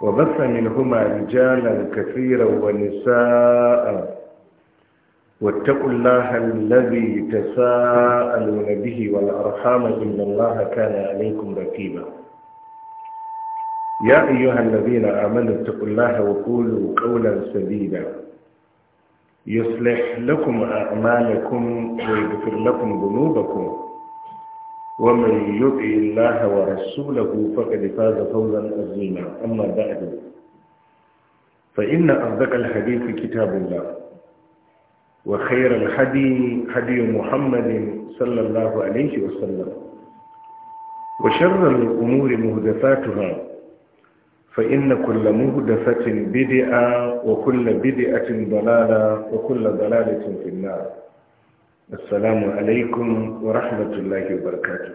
وبث منهما رجالا كثيرا ونساء واتقوا الله الذي تساءلون به والأرحام إن الله كان عليكم ركيبا يا أيها الذين آمنوا اتقوا الله وقولوا قولا سديدا يصلح لكم أعمالكم ويغفر لكم ذنوبكم ومن يطع الله ورسوله فقد فاز فوزا عظيما اما بعد فان اصدق الحديث كتاب الله وخير الهدي هدي محمد صلى الله عليه وسلم وشر الامور محدثاتها فان كل محدثه بدعه وكل بدعه ضلاله وكل ضلاله في النار assalamu alaikum wa rahmatullahi wa barakatuh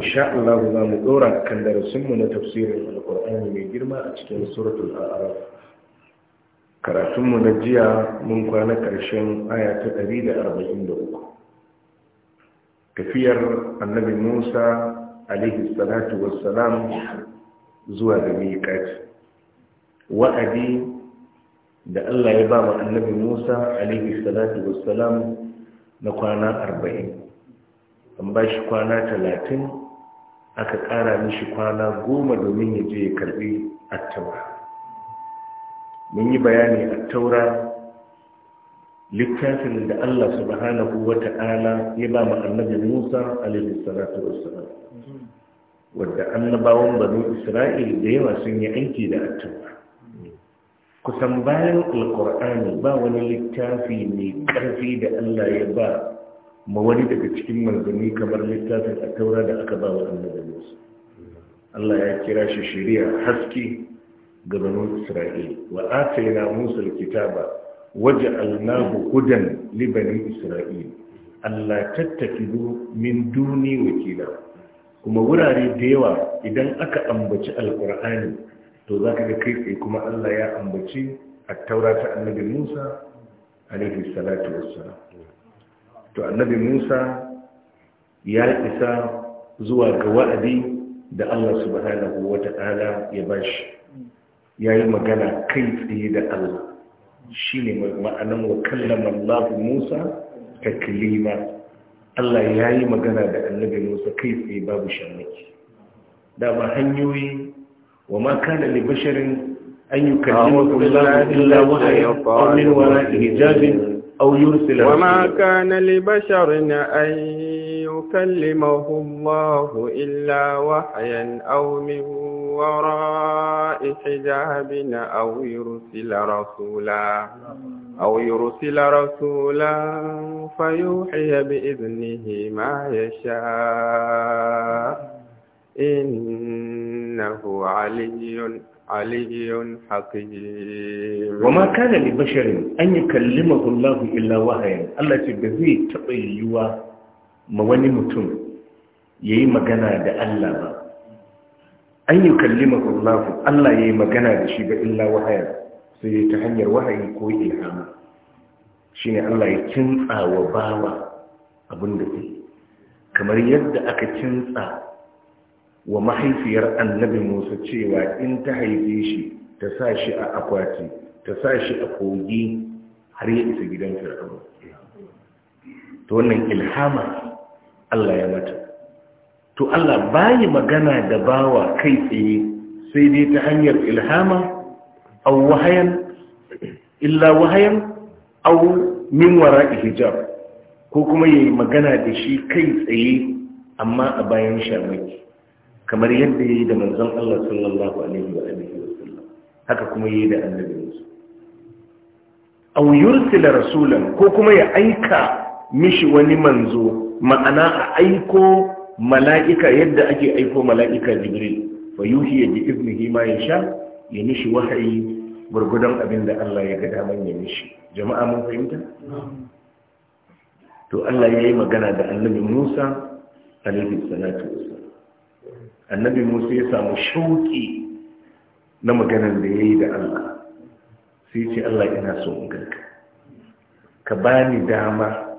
insha Allah za mu dora kan darasinmu na tafsirin alqur'ani mai girma a cikin suratul a'raf karatunmu na jiya mun kwana karshen aya ta 143 tafiyar annabi Musa alaihi salatu wassalam zuwa ga miƙati wa'adi da Allah ya ba annabi Musa alaihi salatu wassalam na kwana arba'in an ba shi kwana talatin aka ƙara mishi kwana goma domin ya je ya karbi attaura mun yi bayani attaura littafin da Allah subhanahu wa ta'ala ya ba mu annabi Musa alaihi salatu wassalam wanda annabawan banu Isra'il da yawa sun yi aiki da attaura kusan bayan alkur'ani ba wani littafi mai ƙarfi da allah ya ba ma wani daga cikin manzanni kamar littafin a taura da aka ba wa annabi allah ya kira shi shari'a haske ga banu isra'ila wa atayna musa alkitaba waj'alnahu hudan li isra'ila allah tattakidu min duni wakila kuma wurare da yawa idan aka ambaci alkur'ani to za ka ga kai tsaye kuma Allah ya ambaci a taura ta annabi Musa alaihi salatu wassalam to annabi Musa ya isa zuwa ga wa'adi da Allah subhanahu wata'ala ya bashi ya yi magana kai tsaye da Allah shi ne ma'anan wa kallama Allah Musa taklima Allah ya yi magana da annabi Musa kai tsaye babu da ba hanyoyi وما كان لبشر أن يكلمه الله إلا وحي أو من وراء حجاب أو يرسل وما كان لبشر أن يكلمه الله إلا وحيا أو من وراء حجاب أو يرسل رسولا أو يرسل رسولا فيوحي بإذنه ما يشاء إنه علي علي حكيم وما كان لبشر أن يكلمه الله إلا وهي الله تبذي تقيوا مواني متون يي مغانا دا الله أن يكلمه الله الله يي مغانا دا شيء إلا وهي سي تهنير وهي كوي إلهام شيني الله يتنطا وباوا abin da zai kamar wa mahaifiyar annabi musa cewa in ta haife shi ta sa shi a akwati ta sa shi a kogi har ya isa gidan fir'aun to wannan ilhama allah ya mata to allah bayi magana da bawa kai tsaye sai dai ta hanyar ilhama aw wahayan illa wahayan aw min wara'i hijab ko kuma yayi magana da shi kai tsaye amma a bayan shamaki kamar yadda ya yi da manzan Allah sallallahu alaihi wa wa haka kuma yi da annabi Musa aw sila rasulan ko kuma ya aika mishi wani manzo ma'ana a aiko mala'ika yadda ake aiko mala'ika jibril fa yuhi bi iznihi ma sha ya mishi wahayi gurgudan abin da Allah ya gada man ya mishi jama'a mun fahimta to Allah ya yi magana da annabi Musa alaihi salatu annabi musa ya samu shauki na maganar da ya yi da allah sai ce allah ina so in ganka ka ba ni dama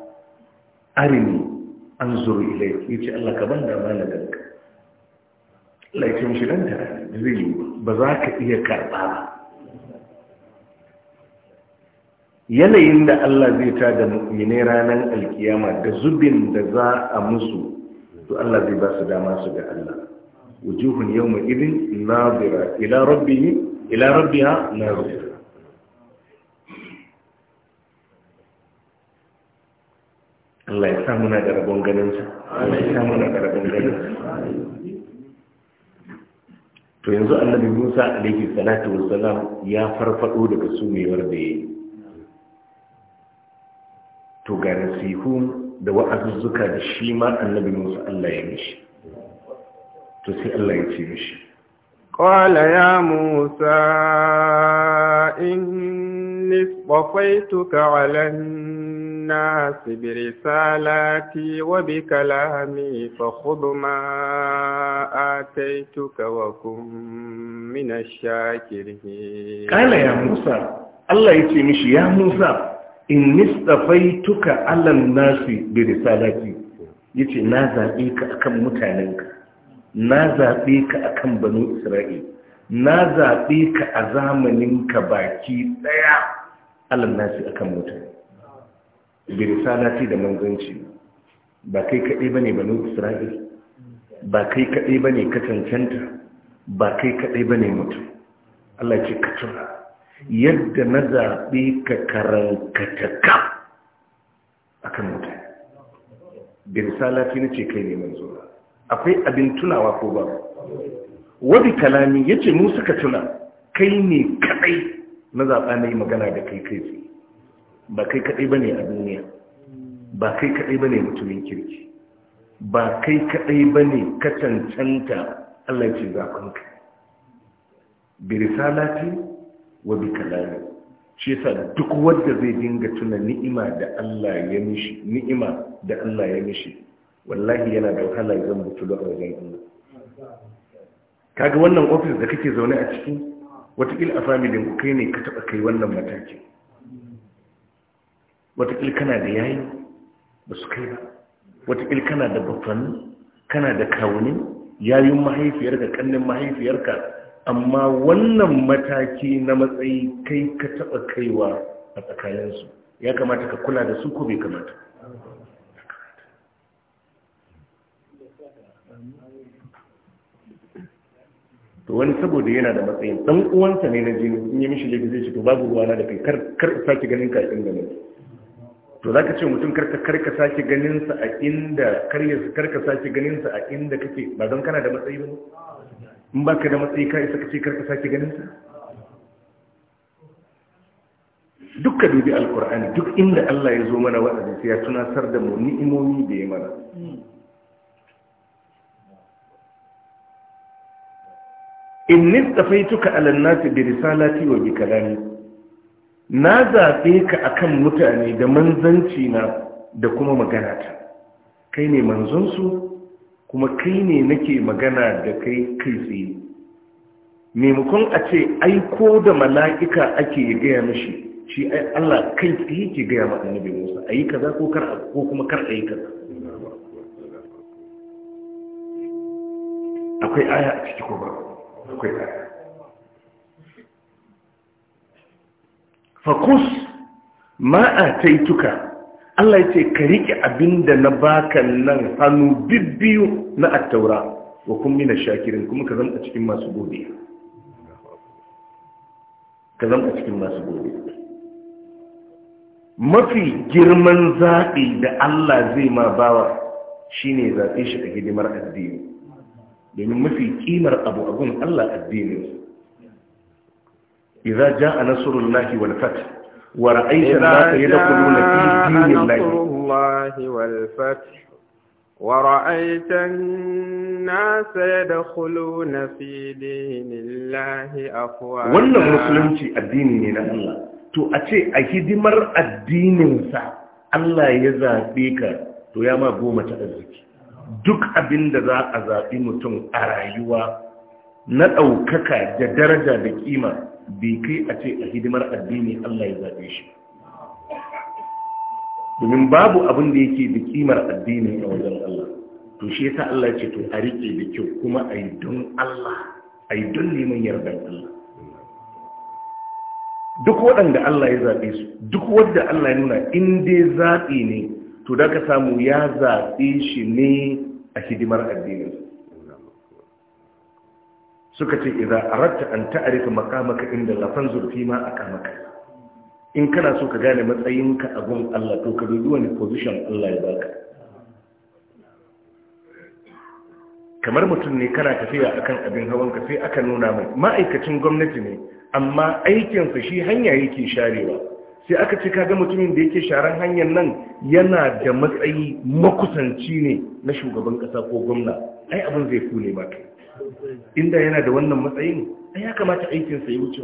arini an zuru ilai ya ce allah ka ban dama na ganka laifin shi dan zai yi ba za ka iya karɓa ba yanayin da Allah zai ta da mu'minai ranar alkiyama da zubin da za a musu to Allah zai ba su dama su ga Allah وجوه يومئذ ناظرة إلى ربه إلى ربها ناظرة الله يسامنا على بونغانا الله يسامنا على بونغانا فينزو النبي موسى عليه الصلاة والسلام يا فرفقوا لك سومي وردي تو دواء الزكاة الشيما النبي موسى الله يمشي to sai Allah ya ce mishi qala ya musa inni safaituka 'alan nas bi risalati wa bi kalami fa khudh ma ataituka wa kum min ya Allah ce ya na zabe ka akan mutanenka na zaɓe ka akan banu isra'il na zaɓe ka a zamanin ka baki ɗaya alannasi akan mutane birisalati da manzanci ba kai kaɗai ba ne banu isra'il ba kai kaɗai ba ne ka cancanta ba kai kaɗai ba ne mutum Allah ce ka tura yadda na zaɓe ka karankata kam a kan mutane birisalati na ce kai ne manzora akwai abin tunawa ko ba wabi kalami ya ce mu suka tuna kai ne kadai na zaɓa na yi magana da kai kai tsaye ba kai kadai ba ne a duniya ba kai kadai ba ne mutumin kirki ba kai kadai ba ne ka cancanta allah ce zaɓanka bi risalati wa bi kalami shi yasa duk wanda zai dinga tuna ni'ima da allah ya mishi ni'ima da allah ya mishi wallahi yana da wahala zan butulu a wajen Allah kaga wannan ofis da kake zaune a ciki watakila a familin ku kai ne ka taba kai wannan matakin watakila kana da yayi ba su kai ba watakila kana da bafanni kana da kawuni yayin mahaifiyarka kannin mahaifiyarka amma wannan mataki na matsayi kai ka taba kaiwa a tsakaninsu ya kamata ka kula da su ko bai kamata to wani saboda yana da matsayin dan uwansa ne na jini in yi mishi laifi zai ce to babu ruwa na da kai kar kar sake ganin ka inda ne to zaka ce mutum kar kar ka sake ganin sa a inda kar ya kar ka sake ganin sa a inda kake ba don kana da matsayi ba in ba ka da matsayi kai saka ce kar ka sake ganin sa dukka dubi alqur'ani duk inda Allah ya zo mana wa'azi ya tunasar da mu ni'imomi da ya mana in nistafaituka alan nasi bi risalati wa bi kalami na zaɓe ka akan mutane da manzanci na da kuma magana ta kai ne manzonsu kuma kai ne nake magana da kai kai tsaye maimakon a ce aiko da mala'ika ake gaya mashi shi Allah kai tsaye ke gaya ma annabi Musa a yi kaza ko kuma kar a yi kaza akwai aya a ciki ko ba akwai ɗaya fakus ta yi tuka Allah ya ce ka riƙe abin da na baka nan hannu bibbiyu na attaura wa kummi na shakirin kuma ka zanta cikin masu gobe. ka zanta cikin masu gobe. mafi girman zaɓi da Allah zai ma bawa shine zaɓe shi a hidimar addini لأنه ما في قيمة أبو أقوم الله الدين إذا جاء نصر الله والفتح ورأيت الناس يدخلون في دين الله نصر الله والفتح ورأيت الناس يدخلون في دين الله أفواجا ولا مسلم في الدين من الله تو أتي أهدمر الدين الله يزاد بك تو يا ما قومة أزكي duk abin da za a zaɓi mutum a rayuwa na ɗaukaka da daraja da ƙima bai kai a ce a hidimar addini Allah ya zaɓe shi domin babu abin da yake da ƙimar addini a wajen Allah to shi yasa Allah ce to a riƙe da kyau kuma a yi don Allah a yi don neman yardan Allah duk waɗanda Allah ya zaɓe su duk wadda Allah ya nuna in dai zaɓi ne to da ka samu ya zaɓe shi ne a hidimar addinin suka ce idan aratta an ta'arifa makamaka inda lafan zurfi ma a kamaka in kana so ka gane matsayinka a gun Allah to ka dubi wani position Allah ya baka kamar mutum ne kana tafiya akan abin hawan ka sai aka nuna mai ma'aikacin gwamnati ne amma aikinsa shi hanya yake sharewa sai aka ce kaga mutumin da yake sharan hanyar nan yana da matsayi makusanci ne na shugaban kasa ko gwamna ai abin zai kune ba kai inda yana da wannan matsayin ai ya kamata aikinsa ya wuce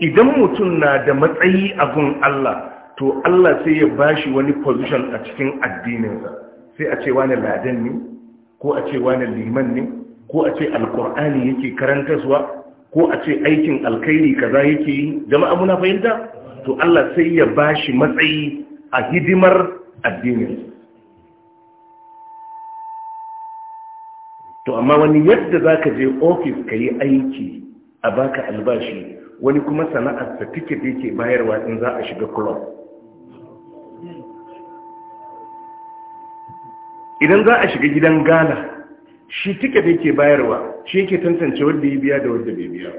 idan mutum na da matsayi a gun Allah to Allah sai ya bashi wani position a cikin addininsa sai a ce wani ladan ne ko a ce wani liman ne ko a ce alkur'ani yake karantarwa ko a ce aikin alkhairi kaza yake yi jama'a muna fahimta to Allah sai ya bashi matsayi a hidimar addinin to amma wani yadda zaka je ofis kai aiki a baka albashi wani kuma sana'ar da tiket yake bayarwa in za a shiga club idan za a shiga gidan gala shi da yake bayarwa shi yake tantance wanda ya biya da wanda bai biya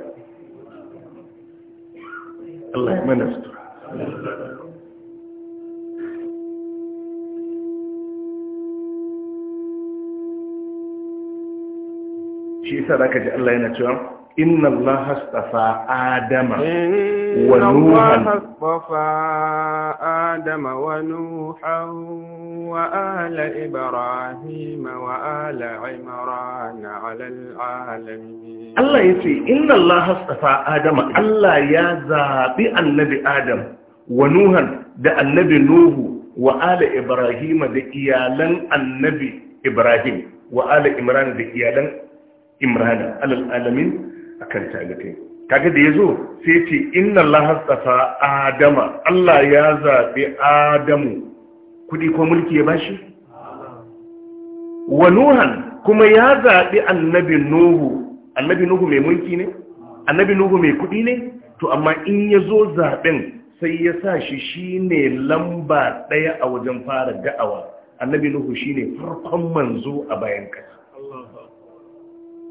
Allah ya mana sutura shi yasa zaka ji Allah yana cewa inna allaha astafa adama wa nuhan astafa Allah ya zabi annabi adam wa nuhan da annabi nuhu wa ala ibrahim da iyalan annabi ibrahim wa ala imran da iyalan akan talibai kaga da yazo sai ce inna allaha astafa adama allah ya zabi adamu kudi ko mulki ya bashi wa nuhan kuma ya zabi annabi nuhu annabi nuhu mai mulki ne annabi nuhu mai kudi ne to amma in ya zo zaben sai ya sa shi shine lamba ɗaya a wajen fara da'awa annabi nuhu shine farkon manzo a bayan kasa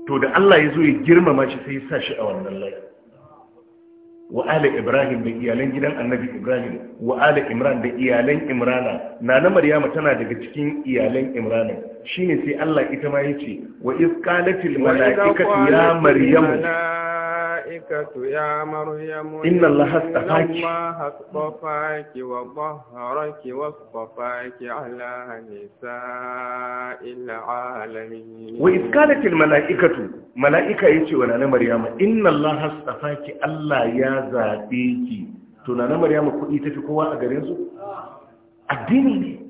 to da Allah ya zo ya girmama shi sai ya sa shi a wannan layi wa ala ibrahim da iyalan gidan annabi ibrahim wa ala imran da iyalan imrana nana maryama tana daga cikin iyalan imrana shine sai Allah ita ma yace wa iz qalatil malaikatu ya maryamu ya Maryam inna Allah astafaki Allahu wa dhahraki wa astafaki ala wa al mala'ikatu mala'ika yace wa nana Maryama, inna Allaha astafaki Allah ya zabe ki to nana Maryam kudi tafi kowa a gare su addini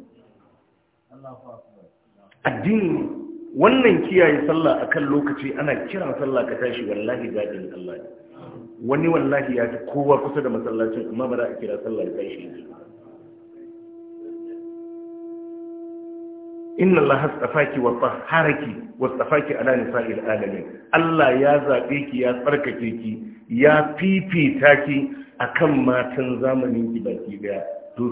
wannan kiyaye sallah akan lokaci ana kiran sallah ka tashi wallahi gadin Allah ne wani wallahi ya ta kowa kusa da masallacin amma ba za a kira sallah ya tashi inna Allah astafaki wa tahharaki wa ala nisa'il alamin Allah ya zaɓe ki ya tsarkake ki ya fifita ki akan matan zamanin ki baki daya to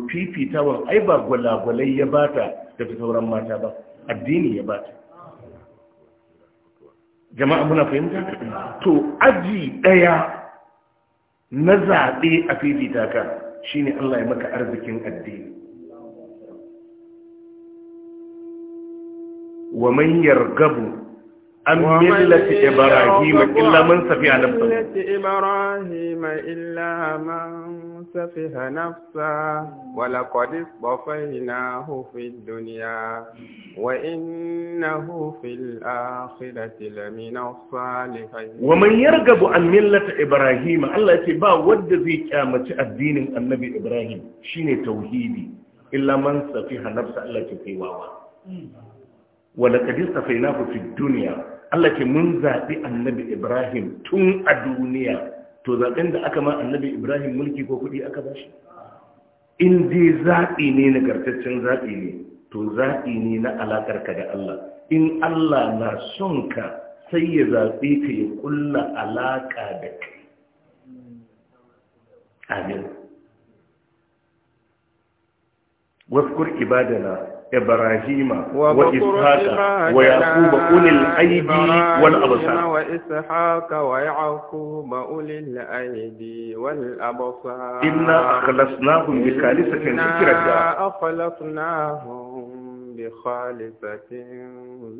wa ai ba gwalagwalai ya bata da sauran mata ba addini ya bata jama'a muna fahimta to aji ɗaya na zaɓe a fifita ka shine Allah ya maka arzikin addini wa man yargabu an millati ibrahim illa man safiha nafsa millati ibrahim illa man safiha nafsa wa laqad safaynahu fid dunya wa innahu fil akhirati lamina salihin wa man yargabu an millati ibrahim allah yace ba wanda zai kyamaci addinin annabi ibrahim shine tauhidi illa man safiha nafsa allah yake kaiwawa wa laqad safaynahu fid dunya Allah ke mun zaɓi annabi Ibrahim tun a duniya to zaɓen da aka ma annabi Ibrahim mulki ko kuɗi aka ba shi in dai zaɓi ne nagartaccen zaɓi ne to zaɓi ne na alaƙar ka da Allah in Allah na son ka sai ya zaɓe ka ya ƙulla alaƙa da kai amin wasu ibadana إبراهيم وإسحاق ويعقوب أولي الأيدي والأبصار وإسحاق ويعقوب أولي الأيدي والأبصار إنا أخلصناهم بخالصة ذكر الدار أخلصناهم بخالصة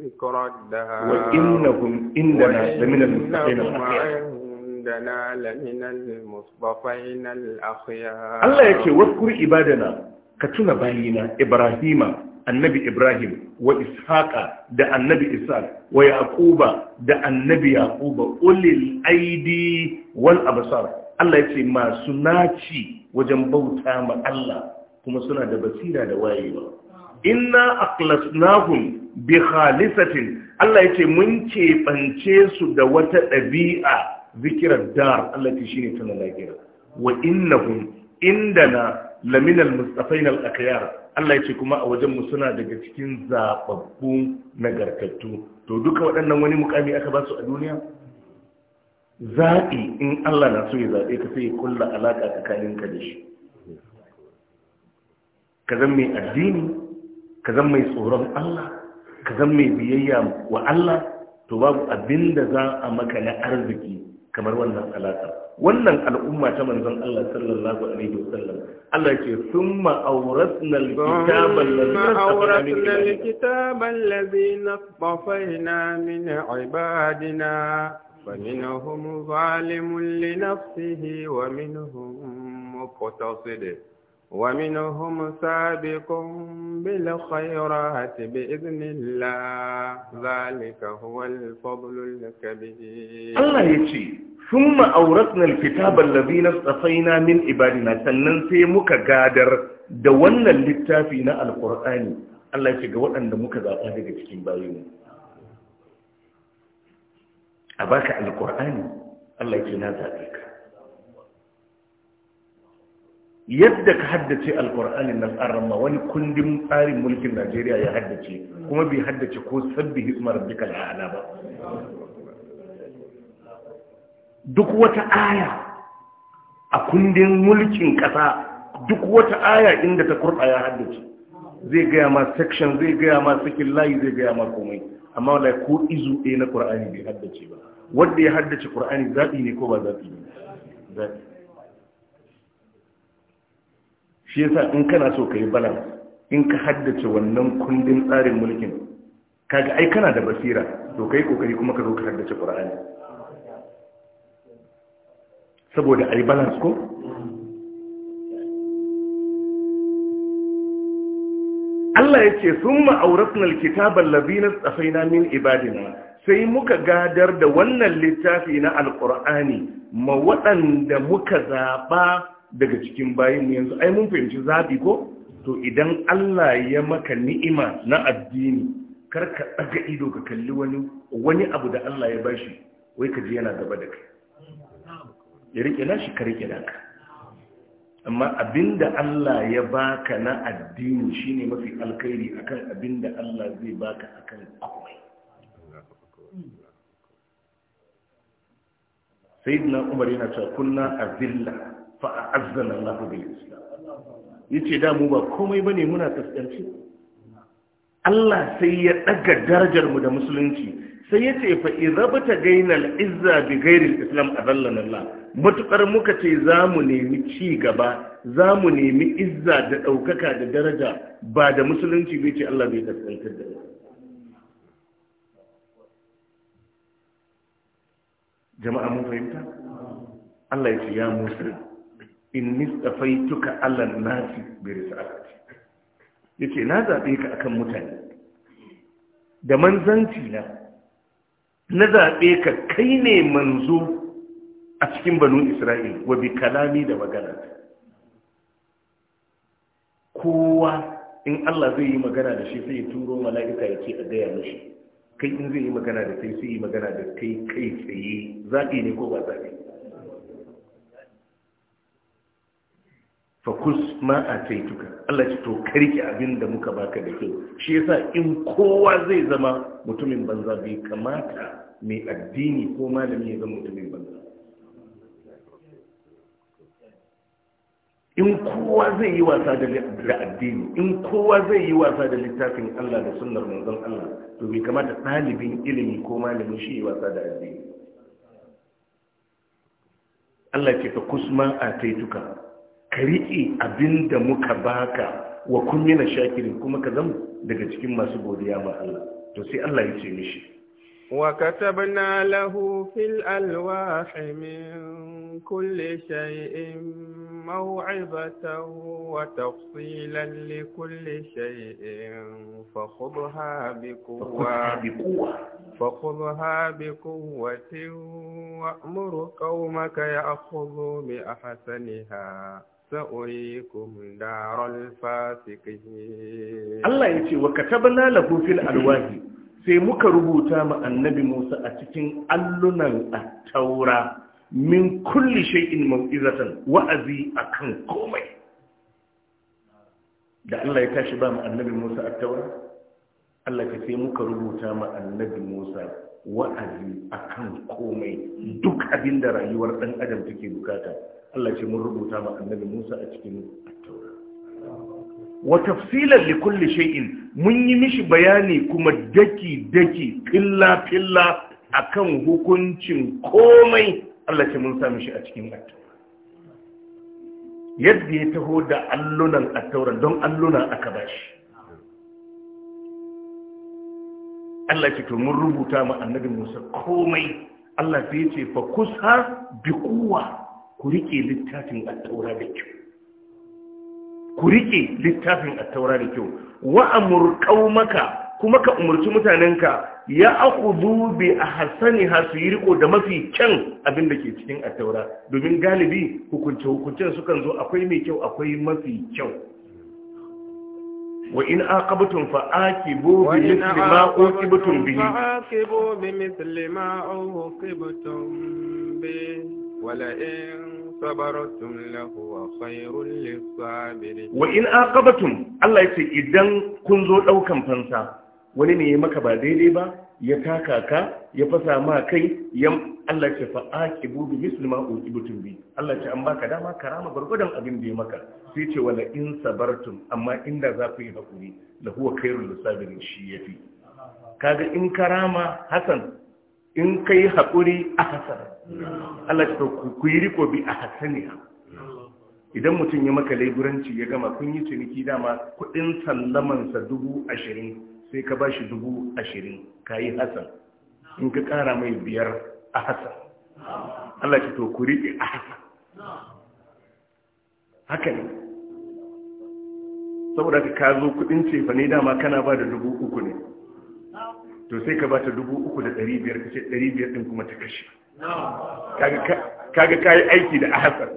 ذكر الدار وإنهم إننا لمن المتقين عندنا لمن المصطفين الأخيار الله يكي واذكر عبادنا كتنا بالينا إبراهيم annabi Ibrahim wa Ishaqa da annabi Isa wa Yaquba da annabi Yaquba ulil aidi wal absar Allah ya ce masu naci wajen bauta ma Allah kuma suna da basira da wayewa inna aqlasnahum bi khalisatin Allah ya ce mun keɓance su da wata ɗabi'a zikirar dar Allah ce shine tana lagira wa innahum indana laminal mustafainal akhyar Allah ya ce kuma a wajenmu suna daga cikin zababbu nagartattu to duka waɗannan wani mukami aka ba su a duniya zaɓi in Allah na so ya zaɓe ka sai ya kulla alaƙa tsakanin ka da shi ka zan mai addini ka zan mai tsoron Allah ka zan mai biyayya wa Allah to babu abin da za a maka na arziki kamar wannan alaƙa wannan al'umma ta manzon Allah sallallahu alaihi wasallam Allah ce thumma awrasna al-kitaba alladhi min ibadina فمنهم ظالم لنفسه ومنهم مقتصد ومنهم سابق بالخيرات بإذن الله ذلك هو الفضل الكبير الله يجي sun ma'auratun kitabar labina tsafaina min ibadina sannan sai muka gadar da wannan littafi na alkur'ani Allah ce ga waɗanda muka zaɓa daga cikin bayanmu a baka alkur'ani Allah ce na zaɓe ka yadda ka haddace na nan ma wani kundin tsarin mulkin najeriya ya haddace kuma bai haddace ko sabbi hismar dukkan ala ba duk wata aya a kundin mulkin ƙasa duk wata aya inda ta kurɓa ya haddace zai gaya ma section zai gaya ma sakin layi zai gaya ma komai amma wala ko izu ɗaya na ƙur'ani bai haddace ba wanda ya haddace ƙur'ani zaɓi ne ko ba zaɓi ne zaɓi shi yasa in kana so ka yi balan in ka haddace wannan kundin tsarin mulkin kaga ai kana da basira to kai kokari kuma ka zo ka haddace ƙur'ani saboda a yi balance ko Allah ya ce sun kitaban alkitabar labinas na min ibadina sai muka gadar da wannan littafi na alkur'ani ma waɗanda muka zaɓa daga cikin bayan yanzu ai mun fahimci zaɓi ko to idan Allah ya maka ni'ima na addini kar ka ɗaga ido ka kalli wani abu da Allah ya bashi wai ka ji yana gaba da kai ya rike nashi ka rike naka amma abinda Allah ya baka na addini shine mafi alkhairi akan abinda Allah zai baka akan komai sayyidina Umar yana cewa kunna azilla fa azzana Allah bil Islam yace da mu ba komai bane muna kaskanci Allah sai ya daga darajar mu da musulunci sai yace fa idza bata gainal izza bi ghairi al-islam azallana Allah matuƙar muka ce za mu nemi ci gaba za mu nemi izza da ɗaukaka da daraja ba da musulunci bai ce Allah bai kaskantar da jama'a mun fahimta Allah ya ce ya musu in tuka Allah na nasi bi ya yace na zaɓe ka akan mutane da manzanci na na zaɓe ka kai ne manzo a cikin banu isra'il wa bi kalami da magana kowa in Allah zai yi magana da shi sai ya turo mala'ika ya ce a gaya mashi kai in zai yi magana da kai sai yi magana da kai kai tsaye zaɓi ne ko ba zaɓi fakus ma a taituka Allah to karki abin da muka baka da kyau shi yasa in kowa zai zama mutumin banza bai kamata mai addini ko malami ya zama mutumin banza in kowa zai yi wasa da addini in kowa zai yi wasa da littafin Allah da sunnar manzon Allah to me kamata ɗalibin ilimi ko malamin shi yi wasa da addini Allah ce ka kusma a taituka ka riƙe abin da muka baka wa kun yana shakirin kuma ka zama daga cikin masu godiya ma Allah to sai Allah ya ce mishi وكتبنا له في الألواح من كل شيء موعظة وتفصيلا لكل شيء فخذها بقوة فخذها بقوة وأمر قومك يأخذوا بأحسنها سأريكم دار الفاسقين الله يتي وكتبنا له في الألواح sai muka rubuta ma annabi Musa a cikin allunan attaura min kulli shay'in mau'izatan wa'azi akan komai da Allah ya tashi ba ma annabi Musa attaura Allah ka sai muka rubuta ma annabi Musa wa'azi akan komai duk abin da rayuwar dan adam take bukata Allah ce mun rubuta ma annabi Musa a cikin wa tafsilan li kulli shay'in mun yi mishi bayani kuma daki daki filla filla akan hukuncin komai Allah ce mun sa mishi a cikin attaura yadda ya taho da allunan attaura don allunan aka bashi Allah ce to mun rubuta ma annabi Musa komai Allah sai ya ce fa kusa bi kuwa ku rike littafin attaura da kyau ku riƙe littafin attaura da kyau wa amur kuma ka umurci mutanenka ya aku a Hassani har su yi riko da mafi kyan abin da ke cikin attaura domin galibi hukunce hukuncen sukan zo akwai mai kyau akwai mafi kyau wa in aqabtum fa aqibu bi mithli ma uqibtum bihi aqibu bi mithli ma ولئن صبرتم لهو خير Wa وإن عاقبتم Allah يتي idan kun zo كم fansa wani ne ya maka ba daidai ba ya taka ka ya fasa ma kai ya Allah ce fa aqibu bi muslima uqibutum bi Allah ce an baka dama karama gurgudan abin da ya maka sai ce wala in sabartum amma inda za ku yi hakuri la huwa khairul lisabirin shi yafi kaga in karama hasan in kai hakuri a hasan Allah ta ku yi riko bi a hasaniya idan mutum ya maka laiburanci ya gama kun yi ciniki dama kudin sallamansa dubu ashirin sai ka ba shi dubu ashirin ka yi hasan in ka kara mai biyar a hasan Allah ta to ku riƙe a hasan haka ne saboda ka zo kudin cefa ne dama kana ba da dubu uku ne to sai ka ba ta dubu uku da ɗari biyar ka ce ɗari biyar ɗin kuma ta kashe kaga yi aiki da ahasar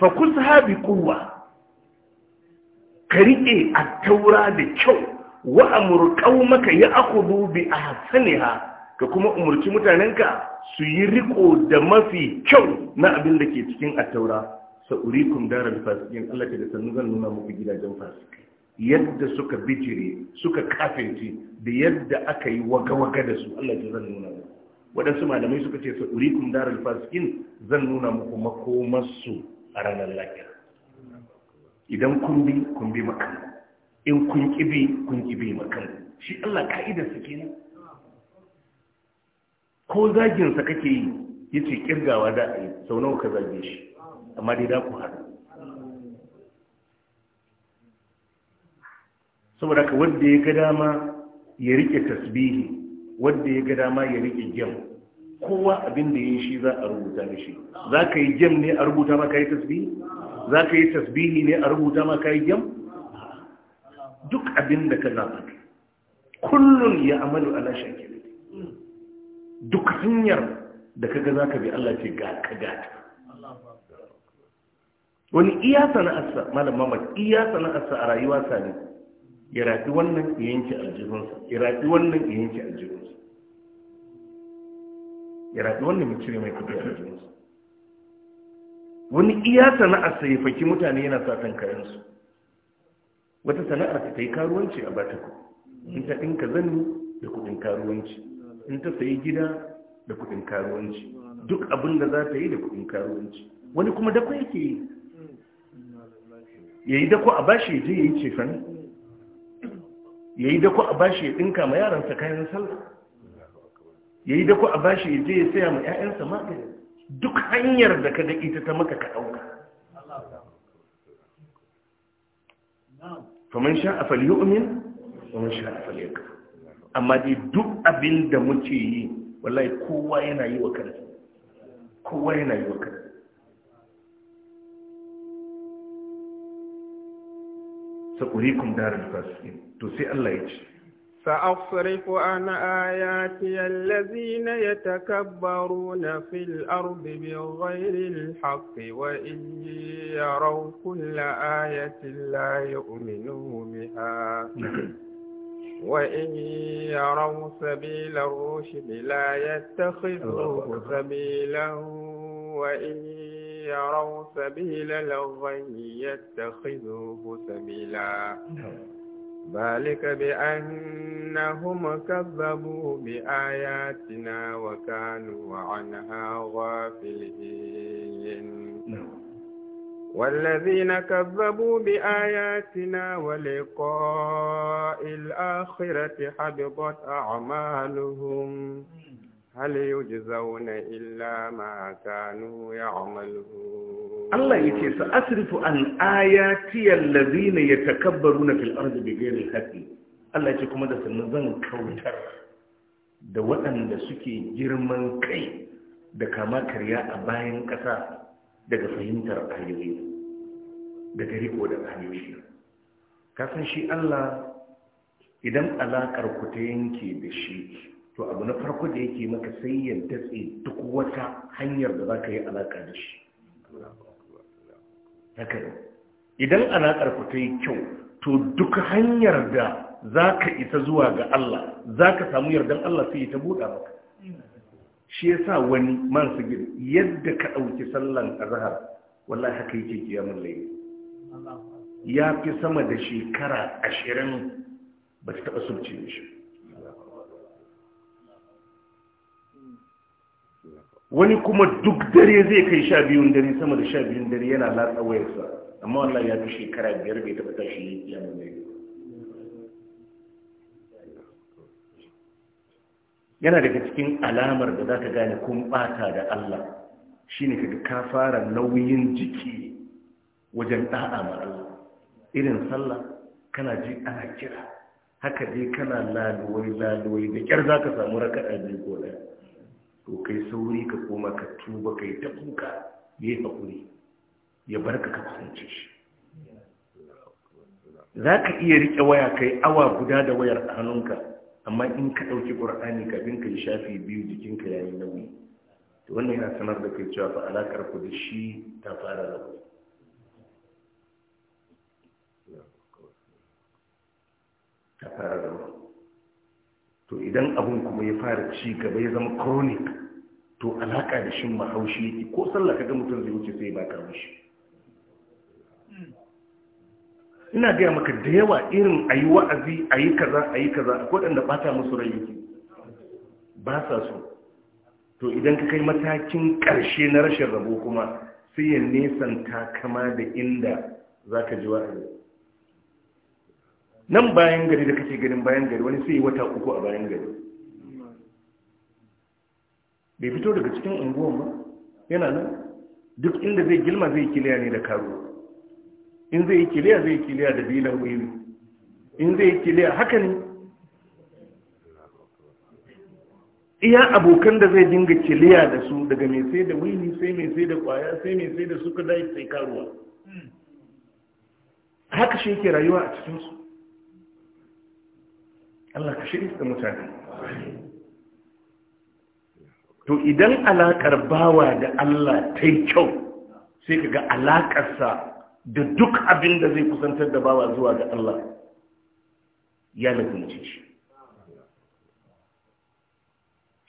fa kusa bi kuwa ka riƙe a taura da kyau wa amurkau maka ya akudu bi ha ka kuma umarci mutanenka su yi riko da mafi kyau na abin da ke cikin attaura sa'urikun darar fasikin Allah da sannu zan nuna muku gidajen fasik. yadda suka bijire suka kafirce da yadda aka yi waga-waga da su Allah ce zan nuna mu waɗansu malamai suka ce sa urikum darar fasikin zan nuna muku makomarsu a ranar lafiya idan kun bi kun bi makan in kun kibi kun kibi makan shi Allah ka'idar su ke ko zaginsa kake yi yace kirgawa da yi sau nawa ka zage shi amma dai da ku haɗu saboda ka wadda ya ga dama ya rike tasbihi wadda ya ga dama ya rike gem kowa abin da yin shi za a rubuta da shi za ka yi gem ne a rubuta ma ka yi tasbihi za ka yi tasbihi ne a rubuta ma ka yi gem duk abin da ka zaɓa kullum ya amalu ala shakiri duk hanyar da ga za ka bi Allah ce ga ka gata wani iya sana'arsa malam mamad iya sana'arsa a rayuwa sani ya wannan ya yanke aljihunsa ya wannan ya yanke aljihunsa ya wannan mai kudi aljihunsa wani iya sana'ar sai faki mutane yana satan kayansu wata sana'ar ta ta yi karuwanci a bata ku in ta ɗinka zanni da kudin karuwanci in ta sayi gida da kudin karuwanci duk abin da za ta yi da kudin karuwanci wani kuma dako yake yi ya yi dako a bashi je ya yi cefane ya yi dako a bashi ya ɗinka ma yaransa kayan sallah ya yi dako a bashi ya je ya saya ma 'ya'yansa magani duk hanyar da ka ga ita ta maka ka ɗauka faman sha a fali umin faman sha a fali yaka amma dai duk abin da muke yi wallahi kowa yana yi wa kansa kowa yana yi wa kansa سأريكم دار الفاسقين تسي الله يجي سأصرف عن آياتي الذين يتكبرون في الأرض بغير الحق وإن يروا كل آية لا يؤمنوا بها وإن يروا سبيل الرشد لا يتخذوه سبيلا وإن يروا سبيل الغي يتخذوه سبيلا ذلك بأنهم كذبوا بآياتنا وكانوا عنها غافلين والذين كذبوا بآياتنا ولقاء الآخرة حبطت أعمالهم hal yujzauna illa ma kanu ya'malun Allah yace sa asrifu an ayati allazina yatakabbaruna fil ardi bighairi haqqi Allah yace kuma da sannan zan kautar da waɗanda suke girman kai da kama karya a bayan ƙasa daga fahimtar ayoyi daga riko da ayoyi kasan shi Allah idan alaƙar ku ta yanke da shi to abu na farko da yake maka sai ya datse duk wata hanyar da za ka yi alaƙa da shi idan alaƙar ku ta yi kyau to duk hanyar da za ka isa zuwa ga Allah za ka samu yardan Allah sai ta buɗa maka shi ya sa wani man sigir yadda ka ɗauki sallan azhar wallahi haka yake kiyamun layi ya fi sama da shekara ashirin ba ta taɓa da shi wani kuma duk dare zai kai sha biyun dare sama da sha biyun dare yana latsa wayarsa amma wallahi ya fi shekara biyar bai taɓa tashi ya kiyama ne yana daga cikin alamar da za ka gane kun ɓata da Allah shi ne ka fara nauyin jiki wajen ɗa'a ma Allah irin sallah kana ji ana kira haka dai kana laluwai laluwai da kyar za ka samu raka'a biyu ko ɗaya to kai sauri ka koma ka tuba kai ta kuka ya yi haƙuri ya bar ka kasance shi za ka iya riƙe waya kai awa guda da wayar a hannunka amma in ka ɗauki ƙur'ani kafin ka yi shafi biyu jikinka ya yi nauyi to wannan yana sanar da kai cewa fa alaƙar ku da shi ta fara da ta to idan abin kuma ya fara ci gaba ya zama chronic to alaka da shin mahaushi yake ko sallah kaga mutum zai wuce sai ba karushi ina gaya maka da yawa irin ayi wa'azi ayi kaza ayi kaza ko dan da bata musu rai yake ba sa so to idan ka kai matakin ƙarshe na rashin rabo kuma sai ya nesanta kama da inda za ji wa'azi nan bayan gari da kake ganin bayan gari wani sai wata uku a bayan gari bai fito daga cikin unguwan ba yana nan duk inda zai gilma zai kiliya ne da karo in zai kiliya zai kiliya da bilan wuri in zai kiliya haka ne iya abokan da zai dinga kiliya da su daga mai sai da wuri sai mai sai da kwaya sai mai sai da suka dai sai karuwa haka shi ke rayuwa a cikinsu Allah ka shirya da mutane to idan alaƙar bawa da Allah ta yi kyau sai ka ga alaƙarsa da duk abin da zai kusantar da bawa zuwa ga Allah ya lagunce shi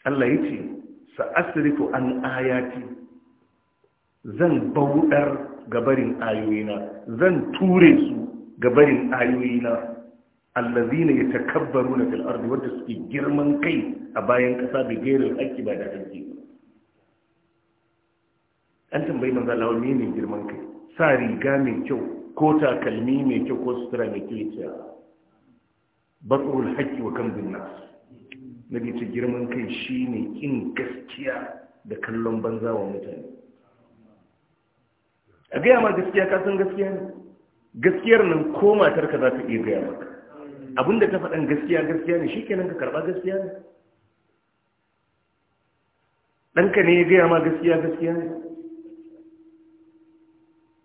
Allah ya ce sa'asirifu an ayati zan bauɗar gabarin ayoyina zan ture su gabarin ayoyina allazina takabbaru fil ardi wadda suke girman kai a bayan kasa da gairin aiki ba da aiki an tambayi manzo Allah ne girman kai sa riga mai kyau ko takalmi mai kyau ko sutura mai kyau ce batul haƙƙi wa kan bin nabi ce girman kai shine in gaskiya da kallon banza wa mutane a gaya ma gaskiya ka san gaskiya ne gaskiyar nan ko matarka za ta iya gaya maka da ta faɗin gaskiya gaskiya ne shikenan ka karɓa gaskiya ne ɗanka ne ya gaya ma gaskiya gaskiya ne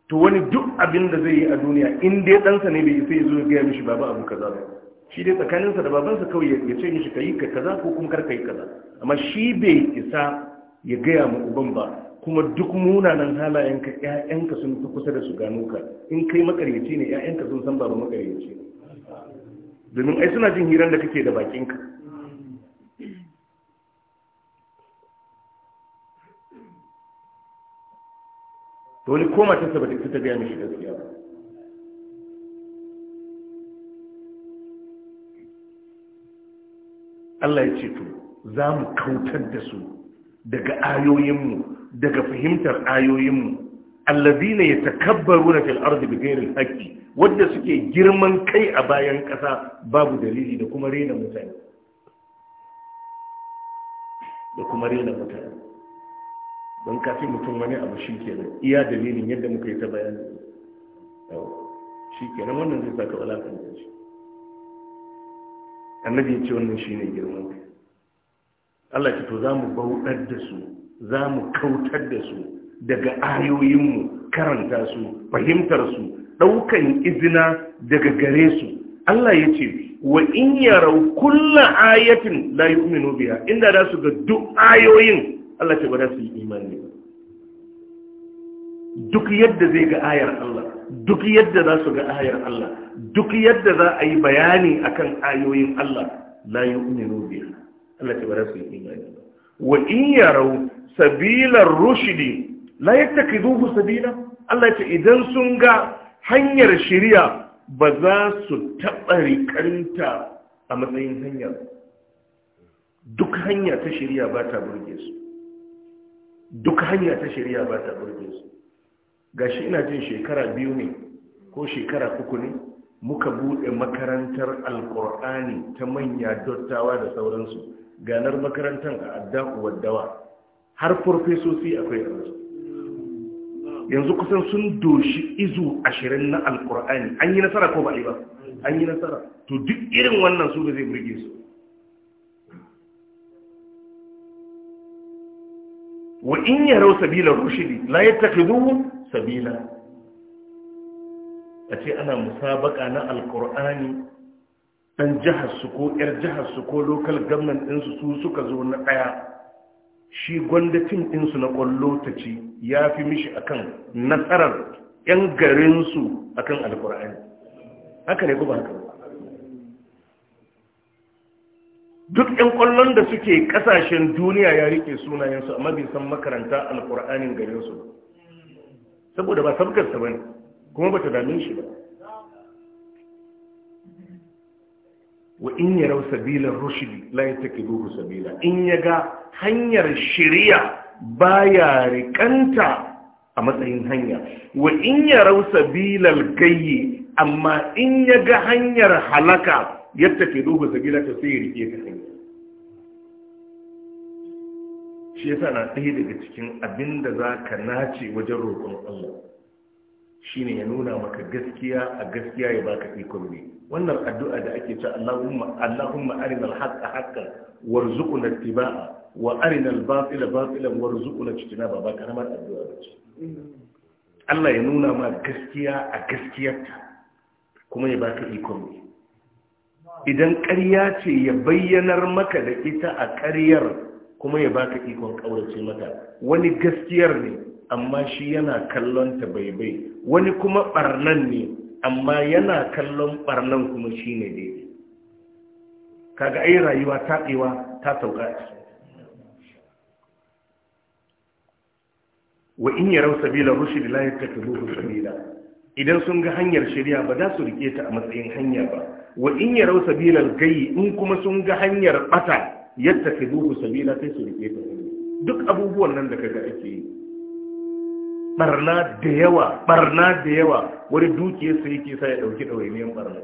to wani duk abin da zai yi a duniya inda ya ɗansa ne bai sai zo ya gaya mishi baba abu kaza ba shi dai tsakaninsa da babansa kawai ya ce mishi ka yi ka kaza ko kuma kar ka yi kaza amma shi bai isa ya gaya ma uban ba kuma duk munanan halayenka 'ya'yanka sun fi kusa da su gano ka in kai makaryaci ne 'ya'yanka sun san baba makaryaci ne domin ai suna jin hirar da kake da bakinka to wani koma ta saba ta ta gaya mishi gaskiya ba Allah ya ce to za mu kautar da su daga ayoyinmu daga fahimtar ayoyinmu allazina yatakabbaruna fil ardi bighayri al-haqqi wadda suke girman kai a bayan ƙasa babu dalili da kuma rena mutane da kuma rena mutane don kafi mutum wani abu shi kenan iya dalilin yadda muka yi ta bayani shi kenan wannan zai saka walakanta shi annabi ya ce wannan shi ne girman kai Allah ki to za mu bautar da su za mu kautar da su daga ayoyinmu karanta su fahimtar su ɗaukan izina daga gare su Allah ya ce wa in yarau kulla ayatin la yu'minu biha inda za su ga duk ayoyin Allah ce ba za su yi imani ba duk yadda zai ga ayar Allah duk yadda za su ga ayar Allah duk yadda za a yi bayani akan ayoyin Allah la yu'minu biha Allah ce ba za su yi imani ba wa in yarau sabilar rushdi la yattakiduhu sabila Allah ce idan sun ga hanyar shirya ba za su taɓa rikanta a matsayin hanyar duk hanya ta shirya ba ta burge su duk hanya ta shirya ba ta burge su gashi ina jin shekara biyu ne ko shekara uku ne muka buɗe makarantar alkur'ani ta manya dottawa da sauransu ganar makarantar a adda dawa har farfesosi akwai a wasu yanzu kusan sun doshi izu ashirin na alkur'ani an yi nasara ko ba yi ba an yi nasara to duk irin wannan su da zai burge su wa in yarau sabila rushidi la yattakhidhu sabila a ce ana musabaka na alkur'ani dan jihar su ko yar jihar su ko local government din su suka zo na daya shi gwanda tim din su na kwallo ta ci ya fi mishi akan nasarar 'yan garinsu kan alkur'ani haka ne kuma haka duk 'yan kwallon da suke kasashen duniya ya rike sunayensu a mabisan san makaranta alkur'anin garinsu saboda ba sabgarsa ba ne kuma ba ta dame shi ba wa in yi rau sabilan rushidi la ya take sabila in ya ga hanyar shirya baya rikanta a matsayin hanya wa in ya rausa bilal gayye amma in ya ga hanyar halaka yadda ke duba sabila ta sai ya rike ta hanya shi yasa na ɗaya daga cikin abinda da za ka nace wajen roƙon Allah shine ya nuna maka gaskiya a gaskiya ya baka ikon ne wannan addu'a da ake ce Allahumma Allahumma arinal haƙa haqqan warzuqna ittiba'a wa arinal batila batilan warzuqna ijtinaba ba karamar addu'a bace Allah ya nuna ma gaskiya a gaskiyarta kuma ya baka ikon idan ƙarya ce ya bayyanar maka da ita a ƙaryar kuma ya baka ikon ƙaurace mata wani gaskiyar ne amma shi yana kallon ta baibai wani kuma barnan ne amma yana kallon barnan kuma shine dai. kaga ai rayuwa ta ɗewa, ta sauka a wa in yarau sabila rushd la yattakhidhuhu sabila idan sun ga hanyar shari'a ba za su rike ta a matsayin hanya ba wa in yarau sabila gayi in kuma sun ga hanyar bata yattakhidhuhu sabila sai su rike ta duk abubuwan nan da kaga ake yi barna da yawa barna da yawa wani dukiyarsa yake sa ya dauki ɗawainiyar barna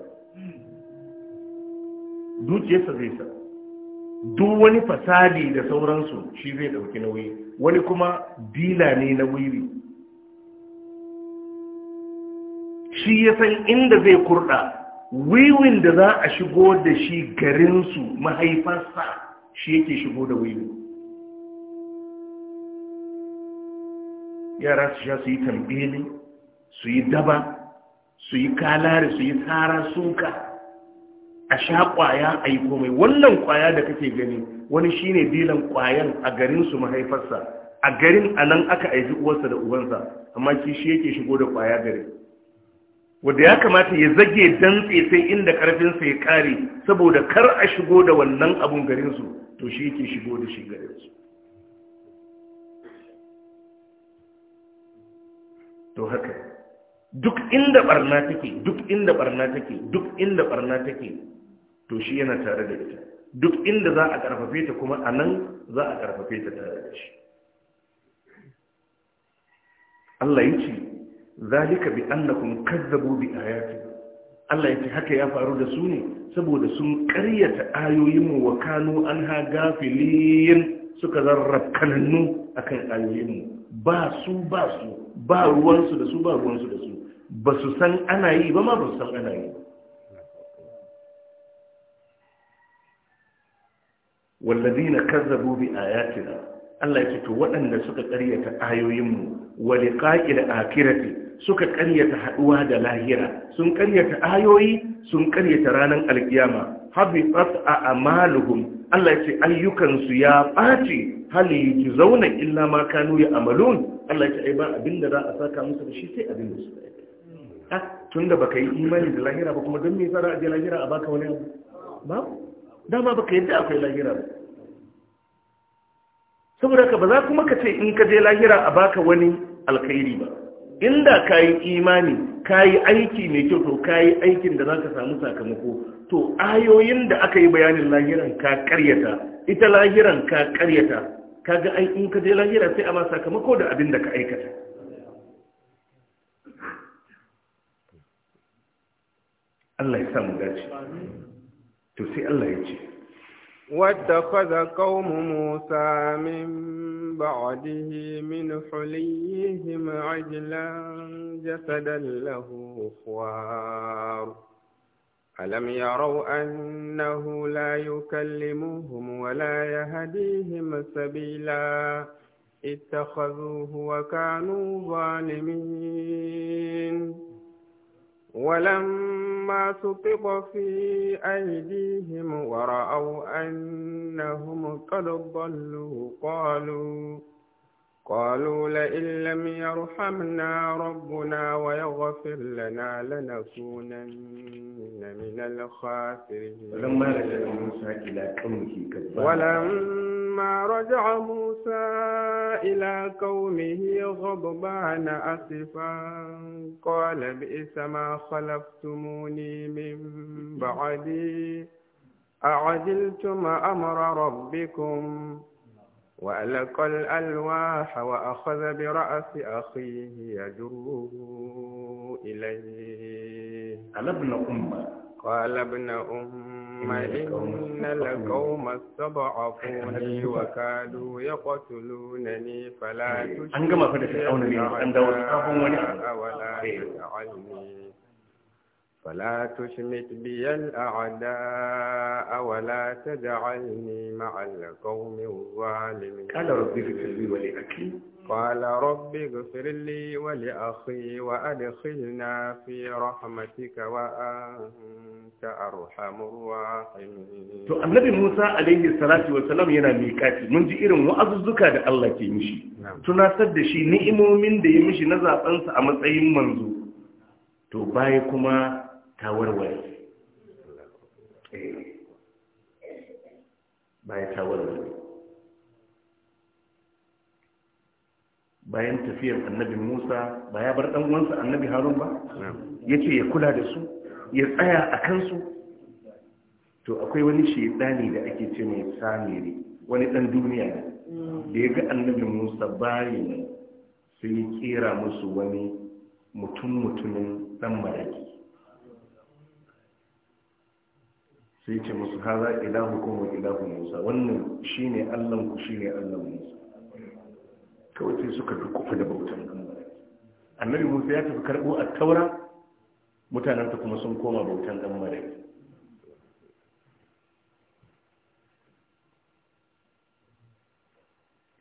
dukiyarsa zai sa duk wani fasadi da sauransu shi zai dauki nauyi wani kuma dila ne na wiwi shi ya san inda zai kurɗa wiwin da za a shigo da shi garinsu mahaifarsa shi yake shigo da wiwi yara su sha su yi tambeli su yi daba su yi kalari su yi tsara suka a sha kwaya a yi komai wannan kwaya da kake gani wani shine dilan kwayan a garin su mahaifarsa a garin anan aka aiki uwarsa da ubansa amma ki shi yake shigo da kwaya gari wanda ya kamata ya zage dantse sai inda karfinsa ya kare saboda kar a shigo da wannan abun garin su to shi yake shigo da shi garin su to haka duk inda barna take duk inda barna take duk inda barna take to shi yana tare da ita duk inda za a karfafe ta kuma a nan za a karfafe ta tare da shi Allah ya zalika bi annakum kazzabu bi ayati Allah ya haka ya faru da su ne saboda sun ƙaryata ayoyinmu wa kanu an ha gafiliyin suka zarrafkanannu akan ayoyinmu ba su ba su ba ruwansu da su ba ruwansu da su ba su san ana yi ba ma ba su san ana yi wallazina kazzabu bi ayatina Allah ya to waɗanda suka ƙaryata ayoyinmu wa liqa'il akhirati suka ƙaryata haɗuwa da lahira sun ƙaryata ayoyi sun ƙaryata ranar alkiyama habitat a amaluhum Allah ya ce ayyukansu ya ɓaci hali ji zauna illa ma kanu ya Allah ya ce ai ba abin da za a saka musu da shi sai abin da suka yi. tun baka yi imani da lahira ba kuma don me za a je lahira a baka wani abu ba dama baka yadda akwai lahira ba saboda ka ba za kuma ka ce in ka je lahira a baka wani alkhairi ba inda ka yi imani ka yi aiki mai kyau to ka yi aikin da za ka samu sakamako to ayoyin da aka yi bayanin lahiran ka karyata ita lahiran ka karyata ka ga ai in ka je lahira sai a ma sakamako da abin da ka aikata Allah ya samu dace. to sai Allah ya ce wadda kaza kawmu musa min ba'dihi min hulihim ajlan jasadan lahu khawar alam yaraw annahu la yukallimuhum wa la yahdihim sabila اتخذوه kanu ظالمين ولما سقط في أيديهم ورأوا أنهم قد ضلوا قالوا قالوا لئن لم يرحمنا ربنا ويغفر لنا لنكونن من الخاسرين ولما رجع موسى إلى قومه ولما رجع موسى إلى قومه غضبان أسفا قال بئس ما خلفتموني من بعدي أعجلتم أمر ربكم وألق الألواح وأخذ برأس أخيه يجره إليه قال ابن أم قال ابن أم إن القوم استضعفوني وكادوا يقتلونني فلا تشرك ولا تجعلني فلا تشمت بي الأعداء ولا تجعلني مع القوم الظالمين قال ربي اغفر لي ولأخي قال ربي اغفر لي ولأخي وأدخلنا في رحمتك وأنت أرحم الراحمين تو النبي موسى عليه الصلاة والسلام yana miƙati mun ji irin wa'azuzzuka da Allah ke mishi tunasar da shi ni'imomin da ya mishi na zaben sa a matsayin manzo to baya kuma ta warware eh. bayan ta warware bayan tafiyar annabi musa ba ya bar ɗanwansa annabi harun ba ya ce ya kula da su ya tsaya a kansu to akwai wani shaidani da ake ce mai samiri wani ɗan duniya da ya ga annabi musa bayan sai kera musu wani mutum-mutumin ɗan maraki sai ce musu haza ilahu kuma ilahu musa wannan shine allan ku shine allan musa kawai sai suka kufa da bautan annabi musa ya tafi karbo a taura mutanenta kuma sun koma bautan dan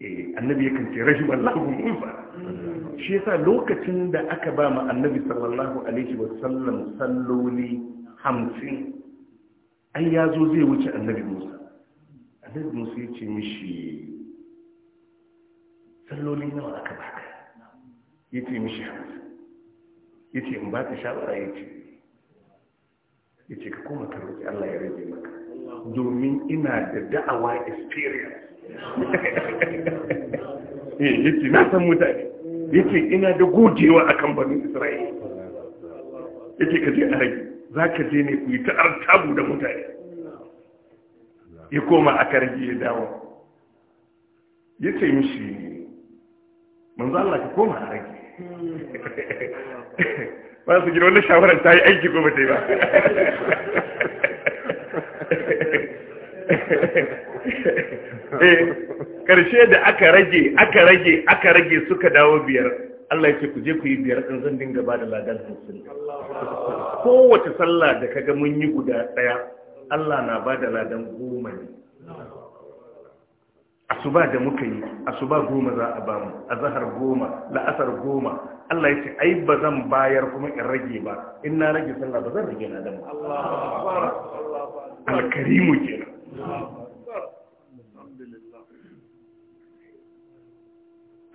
Eh annabi yakan ce rashin Allahu Musa shi yasa lokacin da aka ba ma annabi sallallahu alaihi wa sallam salloli hamsin an ya zo zai wuce annabi musa annabi musa ya ce mishi sallolin nawa aka baka ya ce mishi hamsa ya ce in ba ka shawara ya ce ya ce ka koma ka roƙi allah ya rage maka domin ina da da'awa experience eh, ya ce na san mutane ya ce ina da gojewa akan banin isra'ila ya ce ka je a rage za ka je ne ku yi ta'ar tabu da mutane ya koma a karfi ya dawo ya ce mishi manzo Allah ka koma a rage ba su gina wani shawarar ta yi aiki ko bata yi ba eh, karshe da aka rage aka rage aka rage suka dawo biyar Allah ya ce ku je ku yi biyar ɗin zan dinga ba da ladan hamsin kowace sallah da kaga mun yi guda ɗaya Allah na ba da ladan goma ne asuba da muka yi asuba goma za a mu azhar goma la'asar goma Allah ya ce ai ba zan bayar kuma in rage ba in na rage sallah ba zan rage ladan Al-Karimu kenan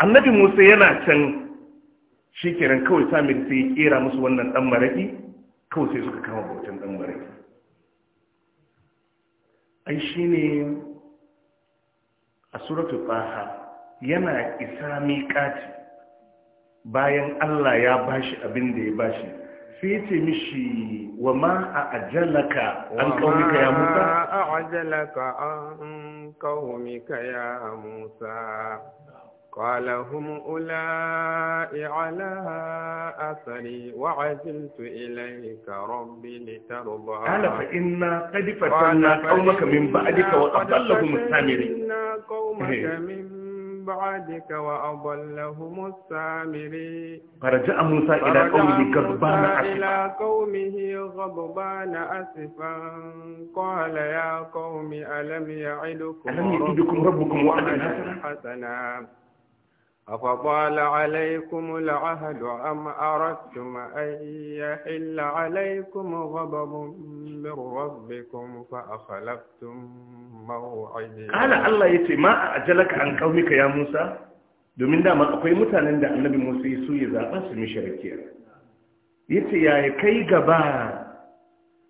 annabi musa yana can shi kenan kawai samir sai ya kera musu wannan dan maraƙi. kawai sai suka kama bautan ɗan maraki ai shi ne a suratu tsaha yana isa miƙaci bayan Allah ya bashi abin da ya bashi sai ce mishi wa ma a ajalaka an ƙaunika ya musa a ajalaka an ƙaunika ya musa قال هم أولئك على أثري وعزلت إليك ربي لترضى قال فإنا قد فتنا قومك من بعدك وأضلهم السامري إنا قومك من بعدك وأضلهم السامري فرجع موسى إلى قومه غضبان أسفا إلى قومه غضبان أسفا قال يا قوم ألم يعدكم ألم يعدكم ربكم وعدا حسنا أفضال عليكم العهد أم أردتم أن يحل عليكم غضب من ربكم فأخلفتم موعدي قال الله يتي ما أجلك عن قومك يا موسى domin dama akwai mutanen da annabi musa ya so ya zaɓa su mishirkiya ya ce ya kai gaba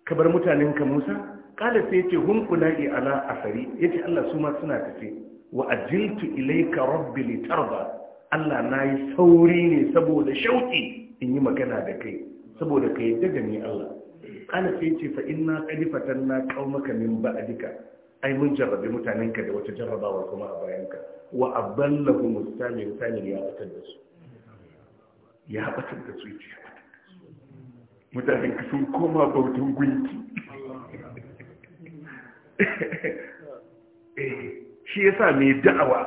kabar mutanenka musa ƙada sai ce hunkula ala asari ya ce allah su ma suna tafi wa ajiltu ilaika Allah na yi sauri ne saboda shauƙi in yi magana da kai saboda ka yadda da ni Allah ana sai ce fa inna qadifatan na qaumaka min ba'dika ai mun jarrabe mutanenka da wata jarrabawa kuma a bayanka wa abdallahu mustami mutane ya batar da su ya batar da su ya batar da su mutanen ka sun koma bautan gunki eh, shi yasa mai da'awa